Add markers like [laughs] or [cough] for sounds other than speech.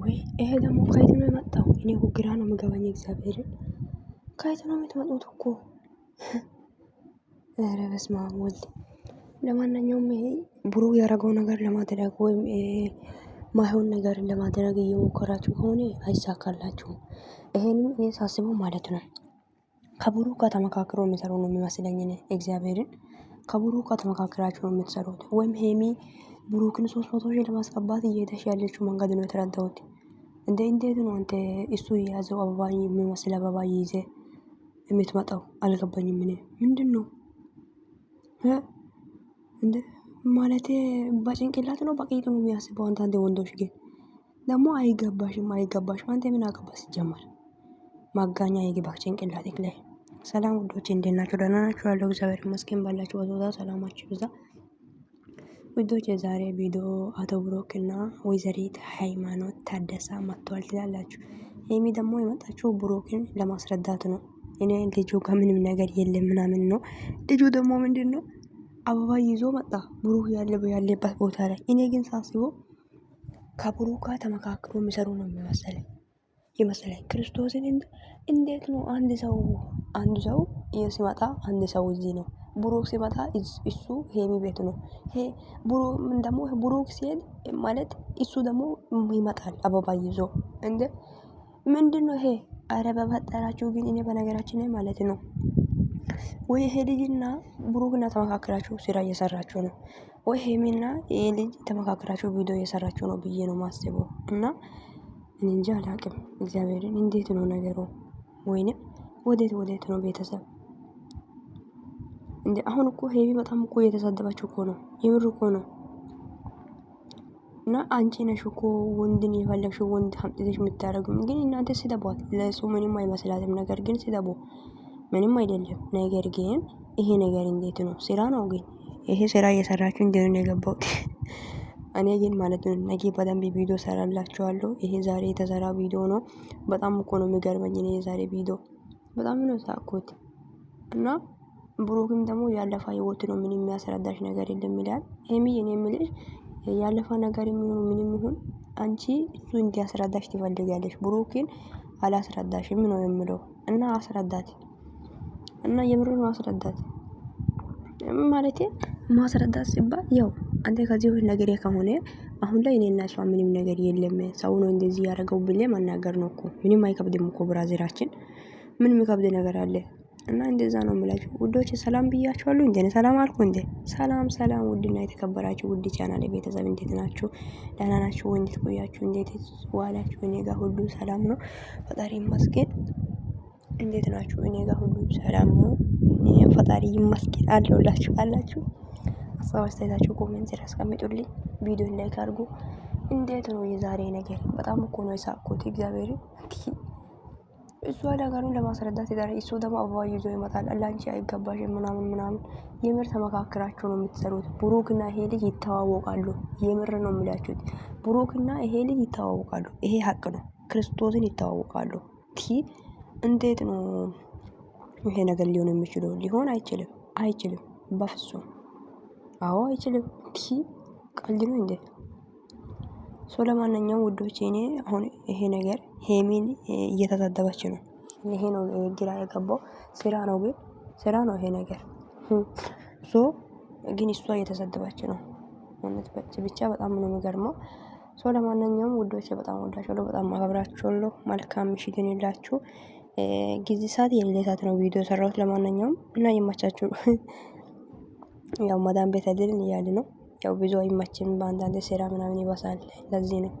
ወይ ይሄ ደግሞ ከየት ነው የመጣው? እኔ እኮ ግራ ነው የምገባኝ። እግዚአብሔርን ከየት ነው የምትመጡት እኮ ኧረ [laughs] በስመ አብ ወልድ። ለማንኛውም ይሄ ብሩ ያደረገው ነገር ለማድረግ ወይም ማይሆን ነገር ለማድረግ እየሞከራችሁ ከሆነ አይሳካላችሁም። ይሄንን እኔ ሳስበው ማለት ነው ከብሩ ጋር ተመካክሮ የሚሰሩ ነው የሚመስለኝ። እግዚአብሔርን ከብሩ ጋር ተመካክራችሁ ነው የምትሰሩት ወይም ሄሜ ብሩክን ሶስት መቶ ሺህ ለማስገባት እየሄደች ያለችው መንገድ ነው የተረዳሁት። እንደ እንዴት ነው አንተ እሱ የያዘው አበባ የሚመስል አበባ ይዘ የምትመጣው? አልገባኝም። ምን ምንድን ነው እንደ ማለት በጭንቅላት ነው በቂጥ ነው የሚያስበው። አንተ አንተ ወንዶች ግን ደግሞ አይገባሽም፣ አይገባሽም። አንተ ምን አገባ ሲጀመር ማጋኛ የግባ ጭንቅላት ላይ። ሰላም ውዶች፣ እንዴት ናቸው ደህና ናቸው ያለው እግዚአብሔር ይመስገን። ባላችሁ ቦታ ሰላማቸው ብዛ። ውዶች የዛሬ ቪዲዮ አቶ ብሩክ እና ወይዘሪት ሃይማኖት ታደሳ መጥተዋል ትላላችሁ። ይህም ደግሞ የመጣችው ብሩክን ለማስረዳት ነው። እኔ ልጁ ጋር ምንም ነገር የለም ምናምን ነው። ልጁ ደግሞ ምንድን ነው አበባ ይዞ መጣ ብሩክ ያለበት ቦታ ላይ። እኔ ግን ሳስበው ከብሩክ ጋር ተመካክሮ የሚሰሩ ነው የሚመስለኝ ይመስለኝ ክርስቶስን እንዴት ነው አንድ ሰው አንድ ሰው ሲመጣ አንድ ሰው እዚህ ነው ብሩክ ሲመጣ እሱ ሄሚ ቤት ነው። ምን ደግሞ ብሩክ ሲሄድ ማለት እሱ ደግሞ ይመጣል አበባ ይዞ እንደ ምንድን ነው ይሄ? አረ በፈጠራችሁ ግን እኔ በነገራችን ላይ ማለት ነው ወይ ይሄ ልጅና ብሩክና ተመካከራችሁ ስራ እየሰራችሁ ነው ወይ ሄሚና ይሄ ልጅ ተመካከራችሁ ቪዲዮ እየሰራችሁ ነው ብዬ ነው ማስበው። እና እንጂ አላቅም እግዚአብሔርን እንዴት ነው ነገሩ? ወይንም ወዴት ወዴት ነው ቤተሰብ እንደ አሁን እኮ ሄቢ በጣም እኮ እየተሳደባቸው እኮ ነው። የምር እኮ ነው። እና አንቺ ነሽ እኮ ወንድን የፈለግሽ ወንድ ሀምጥተሽ የምታደርጉም። ግን እናንተ ስደቧት። ለእሱ ምንም አይመስላትም። ነገር ግን ስደቦ ምንም አይደለም። ነገር ግን ይሄ ነገር እንዴት ነው? ስራ ነው። ግን ይሄ ስራ እየሰራችሁ ነው የገባሁት [laughs] እኔ ግን ማለት ነው። ነገ በደንብ ቪዲዮ ሰራላችኋለሁ። ይሄ ዛሬ የተሰራ ቪዲዮ ነው። በጣም እኮ ነው የሚገርመኝ። እኔ የዛሬ ቪዲዮ በጣም ነው ሳቅሁት እና ብሩክም ደግሞ ያለፈ ህይወት ነው፣ ምንም የሚያስረዳሽ ነገር የለም ይላል። ሄሚ እኔ የምልሽ ያለፈ ነገር የሚሆኑ ምንም ይሁን አንቺ እሱ እንዲያስረዳሽ ትፈልጋለሽ። ብሩክን አላስረዳሽም ነው የምለው እና አስረዳት እና ነው አስረዳት ማለት ማስረዳት ሲባል ያው አንተ ከዚህ ሁሉ ነገር ከሆነ አሁን ላይ እኔና እሷ ምንም ነገር የለም፣ ሰው ነው እንደዚህ ያደረገው ብለ ማናገር ነው እኮ። ምንም አይከብድም እኮ ብራዚራችን ምን የሚከብድ ነገር አለ? እና እንደዛ ነው የምላችሁ ውዶች፣ ሰላም ብያችኋለሁ። እንደ ሰላም አልኩ እንደ ሰላም ሰላም። ውድና የተከበራችሁ ውድ ቻናል ቤተሰብ እንዴት ናችሁ? ደህና ናችሁ ወይ? እንዴት ቆያችሁ? እንዴት ዋላችሁ? እኔ ጋር ሁሉ ሰላም ነው፣ ፈጣሪ ይመስገን። እንዴት ናችሁ? እኔ ጋር ሁሉ ሰላም ነው፣ ፈጣሪ ይመስገን። አለሁላችሁ አላችሁ። ሀሳብ አስተያየታችሁ ኮሜንት አስቀምጡልኝ። ቪዲዮን ላይክ አድርጉ። እንዴት ነው የዛሬ ነገር? በጣም እኮ ነው የሳቅኩት እግዚአብሔር እሷ ነገሩን ለማስረዳት ይዳር እሱ ደግሞ አበባ ይዞ ይመጣል። ለአንቺ አይገባሽ ምናምን ምናምን። የምር ተመካክራችሁ ነው የምትሰሩት። ብሩክና ይሄ ልጅ ይተዋወቃሉ። የምር ነው የሚላችሁት። ብሩክና ይሄ ልጅ ይተዋወቃሉ። ይሄ ሀቅ ነው። ክርስቶስን ይተዋወቃሉ። ቲ እንዴት ነው ይሄ ነገር ሊሆን የሚችለው? ሊሆን አይችልም፣ አይችልም፣ በፍጹም አዎ አይችልም። ቲ ቀልድ ነው እንዴ? ሶ ለማንኛውም ውዶች እኔ አሁን ይሄ ነገር ሄሚን እየተሳደበች ነው። ይሄ ነው ግራ የገባው። ስራ ነው ግን ስራ ነው ይሄ ነገር ሶ ግን እሷ እየተሰደበች ነው። እውነት ብቻ በጣም ነው የሚገርመው። ሶ ለማንኛውም ውዶች በጣም ወዳችኋለሁ፣ በጣም አከብራችኋለሁ። መልካም ምሽት ይሁንላችሁ። ጊዜ ሰዓት የሌለ ሰዓት ነው ቪዲዮ ሰራሁት። ለማንኛውም እና ይመቻችሁ። ያው መዳም ቤት አይደልን እያለ ነው ያው ብዙ አይመችም በአንዳንድ ስራ ምናምን ይባሳል። ለዚህ ነው